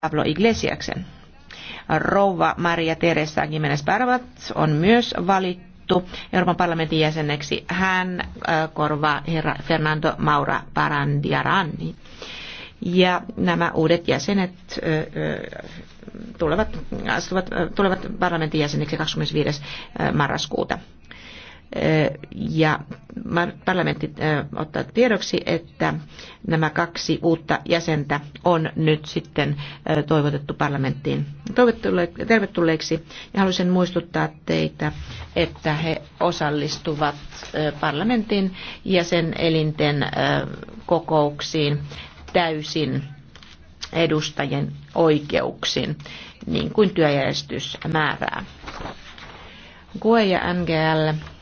Pablo Iglesiaksen. Rouva Maria Teresa Jimenez Barbat on myös valittu Euroopan parlamentin jäseneksi. Hän äh, korvaa herra Fernando Maura Parandiarani. Ja nämä uudet jäsenet äh, äh, tulevat, astuvat, tulevat parlamentin jäseniksi 25. marraskuuta. Ja parlamentti ottaa tiedoksi, että nämä kaksi uutta jäsentä on nyt sitten toivotettu parlamenttiin tervetulleeksi. Ja haluaisin muistuttaa teitä, että he osallistuvat parlamentin jäsenelinten kokouksiin täysin edustajien oikeuksiin. niin kuin työjärjestys määrää. GUE ja NGL